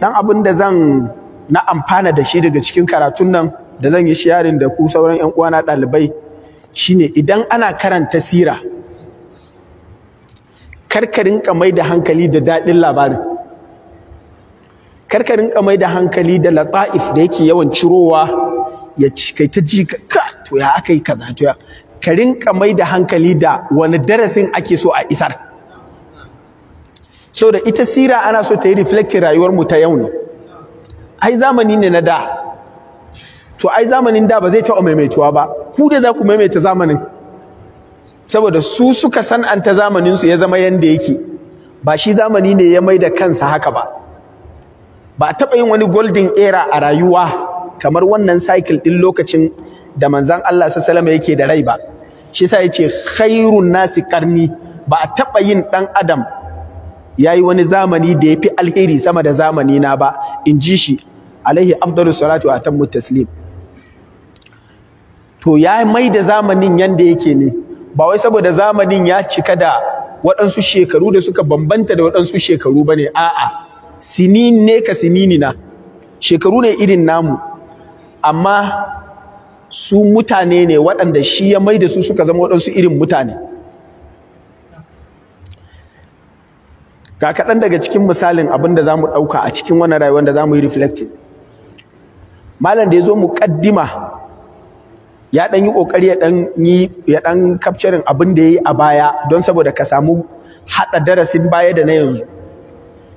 dan abin da zan na amfana da shi daga cikin karatun nan da zan yi sharing da ku sauran 'yan uwana dalibai shine idan ana karanta sira karkarin mai da hankali da daɗin labarin karkarin mai da hankali da Lata'if da yake yawan cirowa ya kai ta ji ka to ya aka kaza to ya ka rinka mai da hankali da wani darasin ake so a isar so da ita sira ana so ta yi reflecting rayuwar mu ta yau ne ai zamani ne na da to ai zamanin da ba zai taɓa maimaituwa ba ku da za ku maimaita zamanin saboda su suka san zamanin su ya zama yanda yake ba shi zamani ne ya mai da kansa haka ba ba a taɓa yin wani golden era a rayuwa kamar wannan cycle ɗin lokacin da manzan Allah sallama yake da rai ba shi yasa ce khairun nasi karni ba a taɓa yin ɗan adam ya yi wani zamani da ya fi alheri sama da zamani na ba in ji shi alaihi afdalu salatu a tammu taslim to ya mai da zamanin yanda yake ne ba wai saboda zamanin ya cika da waɗansu shekaru da suka bambanta da waɗansu shekaru ba ne a'a sinin ne ka sinini na shekaru ne irin namu amma su mutane ne waɗanda shi ya mai da su suka zama waɗansu irin mutane ga kaɗan daga cikin misalin abin da za mu ɗauka a cikin wannan rayuwar da za mu yi reflecting malam da ya zo mu ƙaddima ya ɗan yi ƙoƙari ya ɗan capturing abin da ya yi a baya don saboda ka samu haɗa darasin baya da na yanzu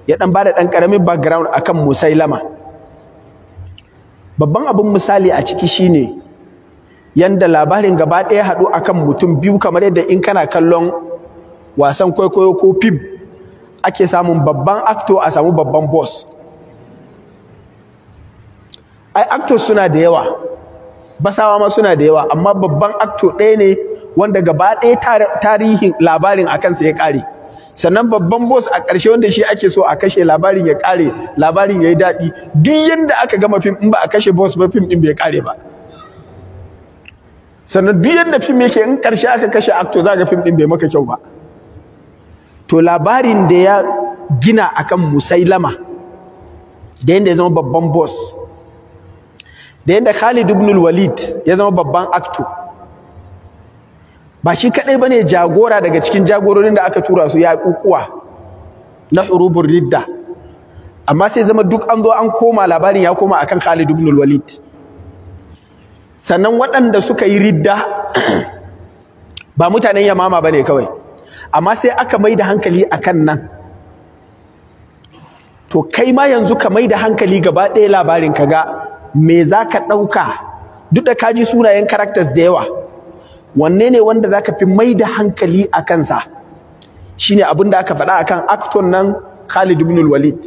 ya ɗan ba da ɗan ƙaramin background akan musailama babban abin misali a ciki shine yanda labarin gaba ɗaya haɗu akan mutum biyu kamar yadda in kana kallon wasan kwaikwayo ko fim ake samun babban acto a samu babban boss ai acto suna da yawa basawa ma suna da yawa amma babban acto ɗaya ne wanda gaba ɗaya tarihin labarin a kansa ya ƙare sannan babban boss a ƙarshe wanda shi ake so a kashe labarin ya ƙare labarin ya yi daɗi duk yadda aka gama fim in ba a kashe boss ba fim ɗin bai ƙare ba sannan duk yadda fim yake in ƙarshe aka kashe acto za ga fim ɗin bai maka kyau ba to labarin da ya gina akan musailama da yadda ya zama babban boss da yadda Khalid ibn Walid ya zama babban aktu, ba shi kadai ba ne jagora daga cikin jagororin da aka tura su ya kukuwa na hurubun ridda amma sai zama duk an zo an koma labarin ya koma akan Khalid ibn Walid sannan waɗanda suka yi ridda ba mutanen yamama ba ne kawai amma sai aka mai da hankali kan nan to kai ma yanzu ka mai da hankali gaba ɗaya labarin ka ga me za ka ɗauka duk da kaji sunayen characters da yawa wanne ne wanda za ka fi mai da hankali a kansa shine abin da aka faɗa a kan acton nan Khalid ibn Walid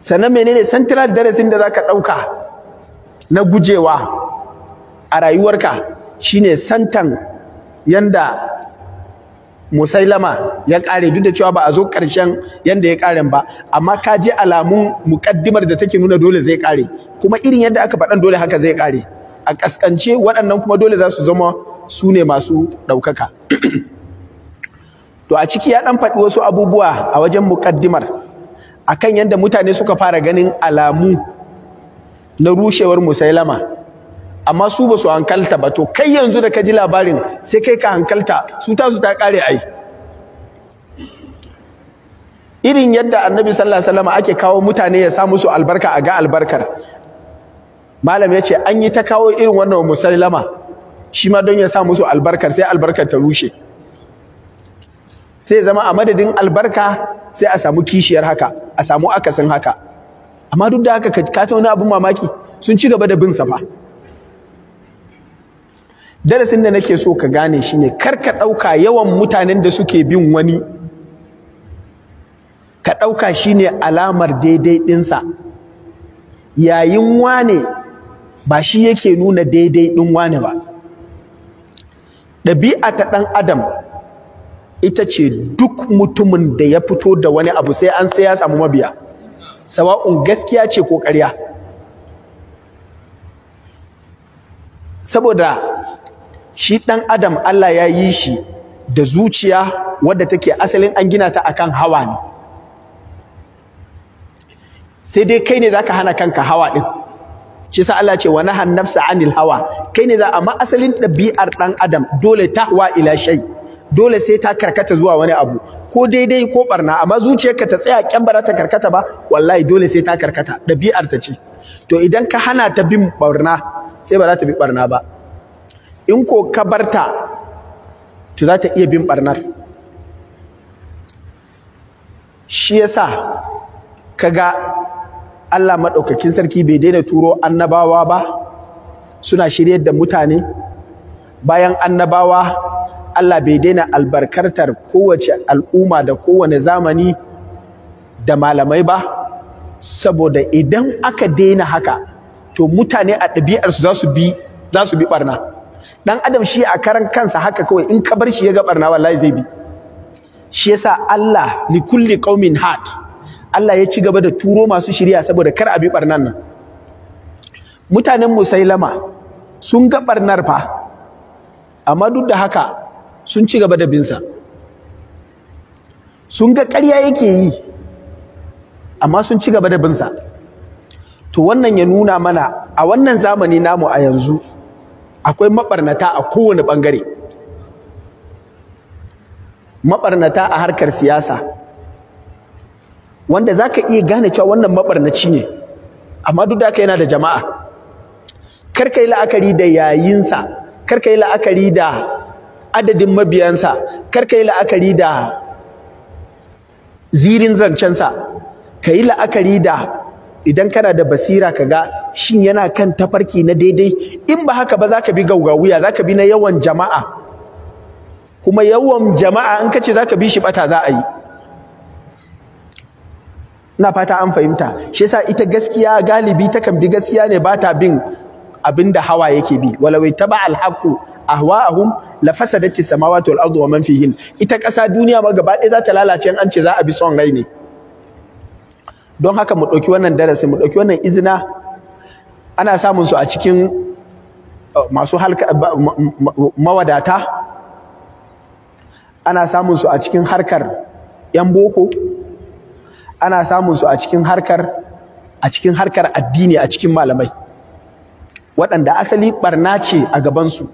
sannan menene central darasin da za ka ɗauka na gujewa a rayuwarka shi ne santan yanda musailama ya kare duk da cewa ba a zo karshen yanda ya karen ba amma ka je alamun mukaddimar da take nuna dole zai kare kuma irin yadda aka faɗan dole haka zai kare a kaskance waɗannan kuma dole za su zama su ne masu ɗaukaka to a ciki ya ɗan faɗi wasu abubuwa a wajen mukaddimar akan yadda mutane suka fara ganin alamu na rushewar musailama amma su ba su hankalta ba to kai yanzu da ka ji labarin sai kai ka hankalta su tasu ta kare ai irin yadda annabi sallallahu alaihi wasallam ake kawo mutane ya sa musu albarka a ga albarkar malam ya ce an yi ta kawo irin wannan musallama shi ma don ya sa musu albarkar sai albarkar ta rushe sai zama a madadin albarka sai a samu kishiyar haka a samu akasin haka amma duk da haka ka ta wani abin mamaki sun ci gaba da bin sa fa darasin da nake so ka gane ne kar ka ɗauka yawan mutanen da suke bin wani ka ɗauka ne alamar daidai ɗinsa yayin wane ba shi yake nuna daidai ɗin wane ba ɗabi'a ta ɗan adam ita ce duk mutumin da ya fito da wani abu sai an sai ya samu mabiya sawa'un gaskiya ce ko ƙarya saboda shi ɗan adam Allah ya yi shi da zuciya wadda take asalin an gina ta akan hawa ne sai dai kai ne zaka hana kanka hawa ɗin shi sa Allah ce wani nahan nafsa anil hawa kai ne za amma asalin ɗabi'ar ɗan adam dole tahwa ila shay dole sai ta karkata zuwa wani abu ko daidai ko barna amma zuciyarka ta tsaya kyan barata karkata ba wallahi dole sai ta karkata ɗabi'ar ta ce to idan ka hana ta bin barna sai ba za ta bi barna ba in ko ka barta to za ta iya bin barnar shi yasa kaga Allah maɗaukakin sarki bai daina turo annabawa ba suna shiryar da mutane bayan annabawa Allah bai daina albarkartar kowace al'umma da kowane zamani da malamai ba saboda idan aka daina haka to mutane a ɗabi'arsu za su bi za su bi ɓarna dan adam shi a karan kansa haka kawai in ka bar shi ya ga barna wallahi zai bi shi yasa Allah li kulli qaumin had Allah ya ci gaba da turo masu shiriya saboda kar a bi barnan nan mutanen musailama sun ga barnar fa amma duk da haka sun ci gaba da binsa sun ga ƙarya yake yi amma sun ci gaba da binsa to wannan ya nuna mana a wannan zamani namu a yanzu akwai maɓarnata a kowane ɓangare, maɓarnata a harkar siyasa wanda zaka iya gane cewa wannan maɓarnaci ne amma duk da yana da jama'a kar ka yi la'akari da yayinsa kar ka yi la'akari da adadin mabiyansa kar ka yi la'akari da zirin zancensa ka yi la'akari da idan kana da basira ka ga shin yana kan tafarki na daidai in ba haka ba za ka bi gaugawuya za ka bi na yawan jama'a kuma yawan jama'a in ka ce za ka bi shi bata za a yi ina fata an fahimta shi yasa ita gaskiya galibi takan bi gaskiya ne ba ta bin abin da hawa yake bi walawai taba a ahwa'ahum la fasadati samawati wal ardu wa man fihin ita ƙasa duniya ma gaba ɗaya za ta lalace an ce za a bi son rai ne don haka mu ɗauki wannan darasi mu ɗauki wannan izina ana samun su a cikin uh, masu uh, mawadata ana samun su a cikin harkar 'yan boko ana samun su a cikin harkar a cikin harkar addini a cikin malamai waɗanda asali ɓarna ce a gabansu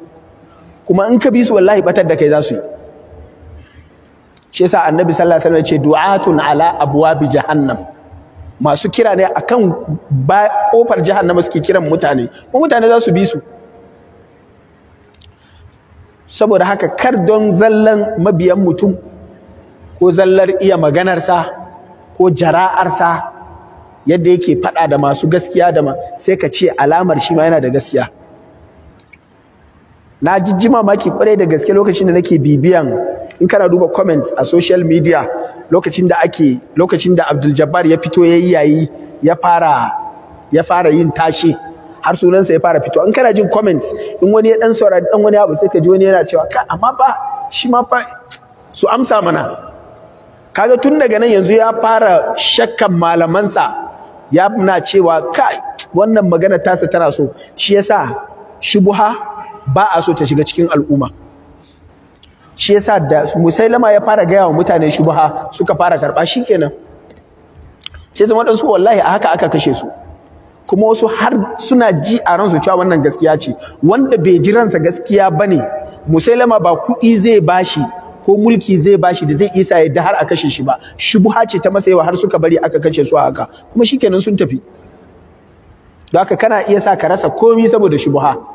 kuma in ka bi su wallahi batar da kai za su yi shi yasa annabi sallallahu alaihi wasallam ya ce du'atun ala bi jahannam masu kira ne akan kofar jahannama suke kiran mutane kuma mutane za su bi su saboda haka kar don zallan mabiyan mutum ko zallar iya maganarsa ko jara'arsa yadda yake faɗa da masu gaskiya da sai ka ce alamar shi ma yana da gaskiya na jijji mamaki kwarai da gaske lokacin da nake bibiyan in kana duba comments a social media lokacin da ake lokacin da Abdul Jabbar ya fito yayi yayi ya fara ya fara yin tashi har sunansa ya fara fito in kana jin comments in wani ya dan saurari dan wani abu sai ka ji wani yana cewa ka amma fa shi ma fa su amsa mana kaga tun daga nan yanzu ya fara shakkan malamansa ya na cewa kai wannan magana tasa tana so shi yasa shubuha ba a so ta shiga cikin al'umma shi yasa da musailama ya fara gaya wa mutane shubha suka fara karba kenan sai zama dan su wallahi a haka aka kashe su kuma wasu har suna ji a ransu cewa wannan gaskiya ce wanda bai ji ransa gaskiya bane musailama ba kuɗi zai bashi ko mulki zai bashi da zai isa yadda har a kashe shi ba shubha ce ta masaiwa har suka bari aka kashe su a haka kuma shikenan sun tafi don haka kana iya sa ka rasa komi saboda shubha